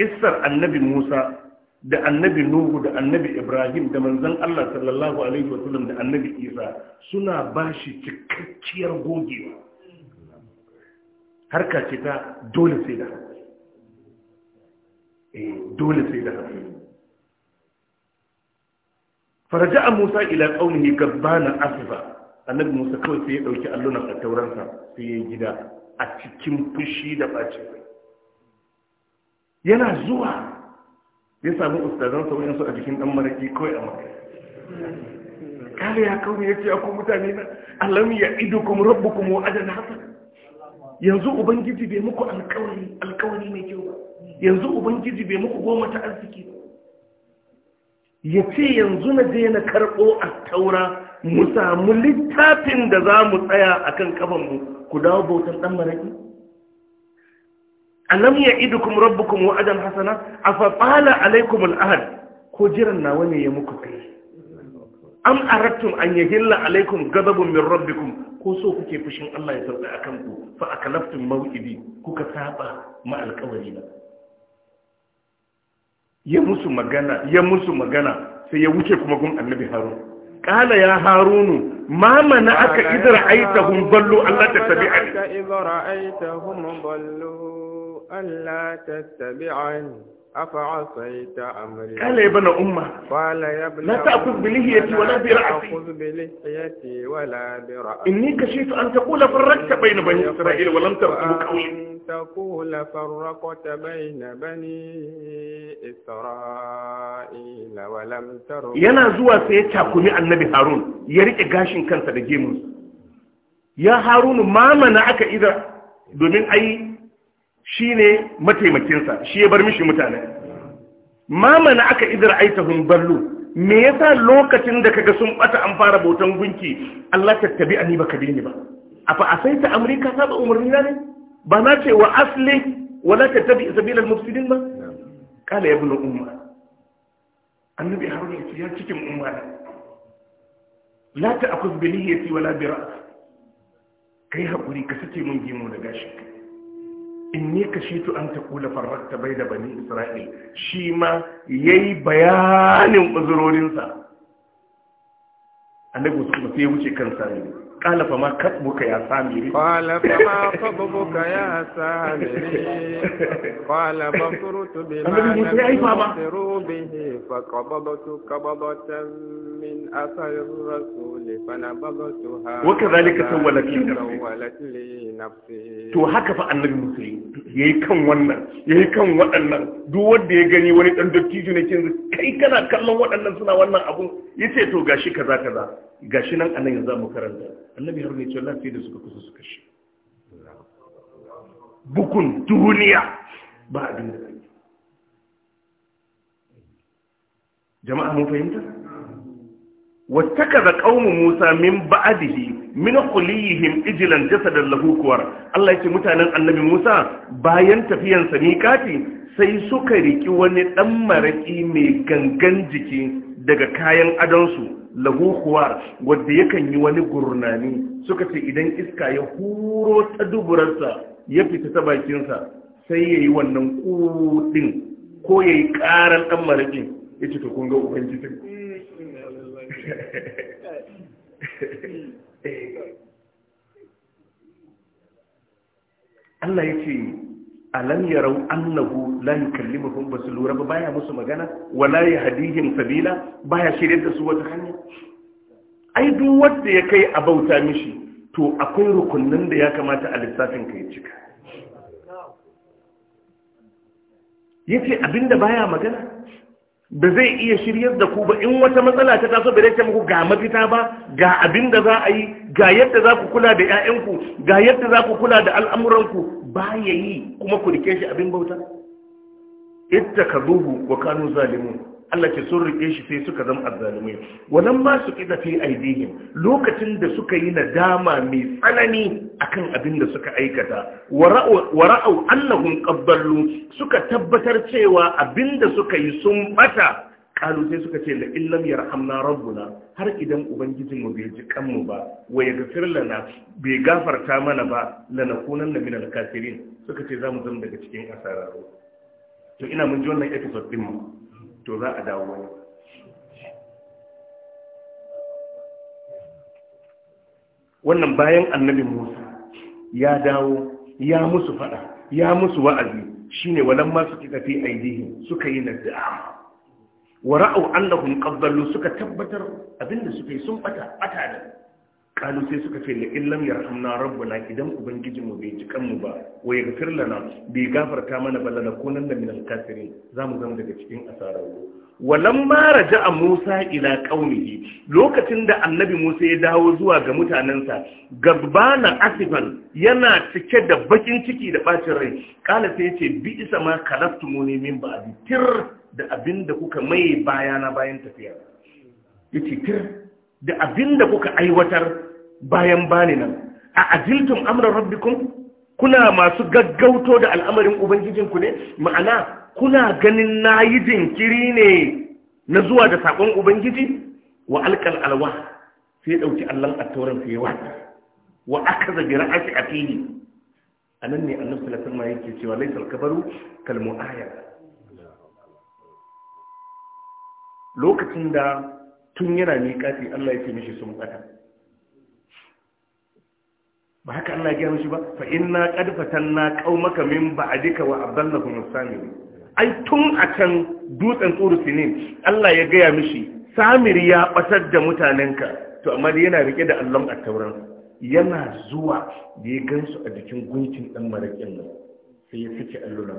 Isar annabi Musa da annabi nuhu da annabi ibrahim da manzan allah sallallahu alaihi sallam da annabi isa suna ba shi cikakkiyar gogewa harka ce ta dole sai da eh, dole sai da faraja a musa ila ƙaunihi gabana asifa annabi musa kawai sai ya ɗauki alluna a tauransa sai ya gida a cikin fushi da ɓacin yana zuwa ya sami ustazan sa wayansu a jikin dan maraki kawai a maka kala ya kawai ya ce a kuma mutane na alam ya rabu kuma wa ajan hasan yanzu ubangiji bai muku alkawari mai kyau ba yanzu ubangiji bai muku goma ta arziki ba ya ce yanzu na je na karɓo a taura mu samu littafin da za mu tsaya a kan ƙafanmu ku dawo bautan ɗan maraƙi alam ya'idukum rabbukum wa'adan hasana afa tala alaykum al ko jiran nawa ne ya muku kai am aradtum an yahilla alaykum ghadabun min rabbikum ko so kuke fushin Allah ya sauka akan ku fa akalaftum maw'idi kuka saba ma alƙawari ba ya musu magana ya musu magana sai ya wuce kuma gun annabi harun قال Harunu, هارون aka منعك إذ رأيتهم ضلوا ألا تتبعني إذ رأيتهم ضلوا ألا تتبعني أفعصيت أمري قال يا ابن أمة قال يا ابن لا تأخذ بلحيتي ولا برأسي لا تأخذ بلحيتي ولا برأسي إني كشفت أن تقول فرقت بين بني إسرائيل ولم ترتب قولي تقول فرقت بين بني إسرائيل ولم تروا ينا زوا سيتاكمي النبي هارون يريك غاشن كانت دجيمون يا هارون ما منعك إذا دون أي shi ne mataimakinsa shi ya bar mishi mutane mamana aka idar aitahun ballo me yasa lokacin da kaga sun bata an fara bautan gunki Allah tattabi ani baka bi ni ba afa asaita Amurika saba umarni na ne ba na ce wa asli wala tattabi sabilal mufsidin ba kala ya bunu umma annabi haruna ya ce ya cikin umma na la ta akhuz bi wala bi kai hakuri ka sace mun gimo da gashin In inni kashitu an taqula farraqta da bani isra'il shi ma yayi bayanin uzurorinsa annabi sai ya wuce kansa ne Kala fama kaɓuka ya sami ri. Kala fama kaɓuka ya sami ri. Kala ba furutu bi ma na bi furu bi hi fa kaɓaɓatu kaɓaɓatan min asayin rasuli fana ɓaɓatu ha. Waka zali ka san walakin na To haka fa annabi musulmi ya yi kan wannan ya yi kan waɗannan duk wanda ya gani wani ɗan dattijo ne kai kana kallon waɗannan suna wannan abun ya to gashi kaza kaza gashi nan anan yanzu mu karanta annabi har ne cewa lafiya da suka kusa su kashe bukun duniya ba abin da zai jama'a mun fahimta da qaumu musa min ba'adihi, min khulihim ijlan jasadan lahu kuwar Allah yake mutanen annabi Musa bayan tafiyansa kati, sai suka riki wani dan maraki mai gangan jiki daga kayan adonsu lahu kuwa wadda yakan yi wani gurnani suka ce idan iska ya huro ta duburarsa ya fita ta bakinsa sai ya yi wannan kudin ko ya yi karar ɗan maraƙin ya ce kun ga ubangijin Allah ya ce alam yarau annahu la yukallimuhum basu lura ba baya musu magana wala yahdihim sabila baya shirye da su wata hanya ai duk wanda ya kai a bauta mishi to akwai rukunin da ya kamata a lissafin ka ya cika yace ce abinda baya magana ba zai iya shiryar da ku ba in wata matsala ta taso bai ce muku ga mafita ba ga abinda za a yi ga yadda za ku kula da 'ya'yanku ga yadda za ku kula da al'amuranku ba ya yi kuma ku rike shi abin bauta ita ka wa kanu zalimun Allah ke sun rike shi sai suka zama azzalumai wannan ma su kida fi aidihim lokacin da suka yi nadama mai tsanani akan abin da suka aikata wara'u Allahun annahum suka tabbatar cewa abin da suka yi sun bata kalu sai suka ce la illam yarhamna rabbuna har idan ubangijin mu bai ji kanmu ba wa yaghfir lana bai gafarta mana ba lanakunanna minal kafirin suka ce zamu zama daga cikin asararu to ina mun ji wannan episode din mu to za a dawo wani wannan bayan annabi musa ya dawo ya musu fada ya musu wa'azi shine walan ma kika fi aidihi suka yi nad'a wa ra'u annahum qaddalu suka tabbatar abinda suka yi sun bata bata da kalu sai suka ce la illam yarhamna rabbuna idan ubangijin mu bai ji kanmu ba wa yaghfir lana bai gafarta mana ba lana kunan da minal kafirin zamu zama daga cikin asararu walamma raja Musa ila qaumihi lokacin da annabi Musa ya dawo zuwa ga mutanensa gabbana asifan yana cike da bakin ciki da bacin rai kala sai yace bi isa ma ne min ba tir da abinda kuka mai bayana bayan tafiya yace tir da abinda kuka aiwatar bayan bani nan a ajiltum amran rabbikum kuna masu gaggauto da al'amarin ubangijinku ne ma'ana kuna ganin nayi jinkiri ne na zuwa da sakon ubangiji wa alqal alwa sai dauki Allah a tauran sai wa wa akaza bi ra'si atini anan ne annabi sallallahu alaihi wasallam yake cewa laysal kabaru kal mu'ayyad lokacin da tun yana miƙati Allah ya ce mishi sun ɓata ba haka Allah ya gaya mishi ba fa inna qad fatanna qaumaka min ba'dika wa hum samiri ai tun a can dutsen tsuru sinin Allah ya gaya mishi samiri ya batar da mutanenka to amma yana rike da allon tauran yana zuwa da ya gansu a jikin gunkin dan marakin nan sai ya fice a tauran.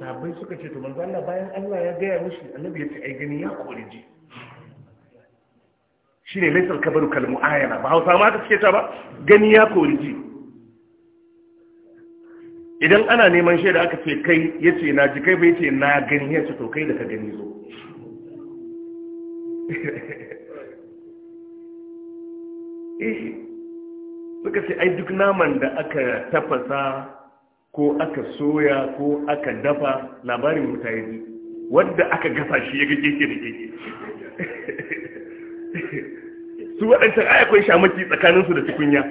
sabai suka ce to manzo Allah bayan Allah ya gaya mishi annabi ya ce ai gani ya kore ji shi ne laisar kabaru kalmu ayana ba hausa ma ta suke ta ba gani ya kori ji idan ana neman shaida aka ce kai ya ce na ji kai bai ce na gani ya ce to kai da ka gani zo eh suka ce ai duk naman da aka tafasa ko aka soya ko aka dafa labarin mutane wanda aka gasa shi ya ga keke da keke su waɗancan ai akwai shamaki tsakaninsu da tukunya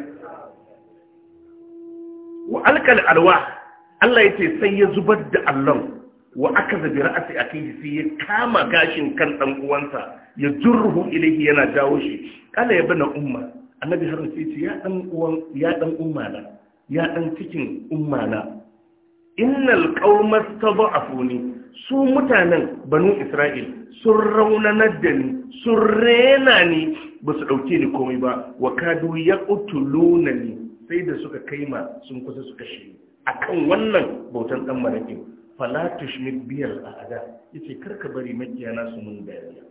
wa alkal alwa Allah ya ce sai ya zubar da allon wa aka zabira ra'asi a sai ya kama gashin kan ɗan uwansa ya jurruhu ilaihi yana jawo shi kala ya bana umma annabi harun sai ce ya dan uwan ya ɗan umma na ya ɗan cikin umma na innal qauma stada'afuni su mutanen banu isra'il sun raunanar da ni sun rena ni ba su ɗauke ni komai ba wa kadu ya na ni sai da suka kaima sun kusa suka shi kan wannan bautan ɗan maraƙi falatus tushmit biyar ya ce karka bari makiyana su mun dariya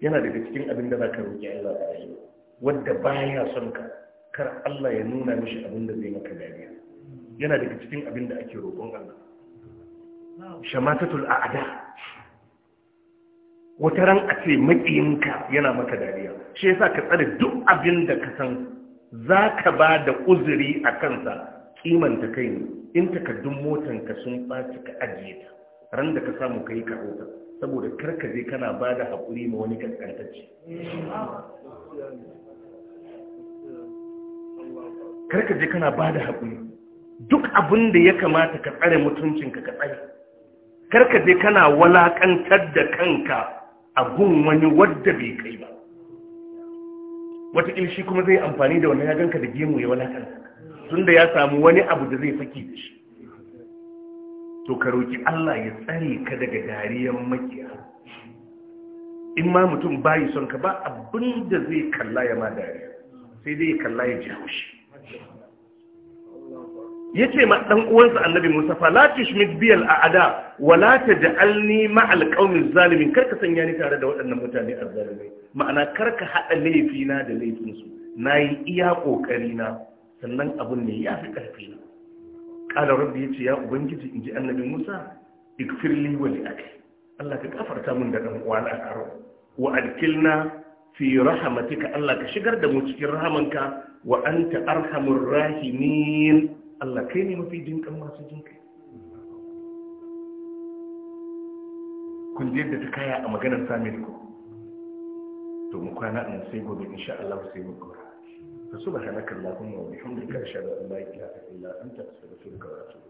yana daga cikin abin da zaka roki Allah ta yi wanda baya son ka kar Allah ya nuna mishi abin da zai maka dariya yana daga cikin abin da ake roƙon Allah shamatatul a'ada wata ran a ce maƙiyinka yana maka dariya shi yasa ka tsare duk abin da ka san za ka ba da uzuri a kansa kimanta kai ne in takardun motanka sun ɓaci ka ajiye ta ran da ka samu ka yi saboda saboda ka je kana ba da haƙuri ma wani kaskantacce ka je kana ba da haƙuri duk abin da ya kamata ka tsare mutuncinka ka tsare Kar ka je kana walaƙantar da kanka a gun wani wadda bai kai ba wataƙil shi kuma zai amfani da wannan ya ganka da gemu ya walakan tun da ya samu wani abu da zai saki da shi to ka roƙi Allah ya tsare ka daga dariyar makiya in ma mutum bayi son ka ba abin da zai kalla ya ma dariya sai dai kalla ya ji haushi ya ce ma ɗan uwansa annabi musa fala tushmit biyal ada, wala taj'alni ma'al qaumiz zalimin karka sanya ni tare da waɗannan mutane azzalimai ma'ana karka haɗa laifina da laifinsu nayi iya ƙoƙarina, na sannan abin ne ya fi karfi na qala rabbi yace ya ubangiji ji annabi musa ikfirli wa li Allah ka kafarta mun da ɗan uwana a wa adkilna fi rahmatika Allah ka shigar da mu cikin rahamanka wa anta arhamur rahimin Allah kai ne mafi jinkan masu jinkai kun je da ta kaya a maganar Samir ku to mu kwana nan sai gobe sha Allah sai mu gora subhanakallahumma wa bihamdika ashhadu an la ilaha illa anta astaghfiruka wa atubu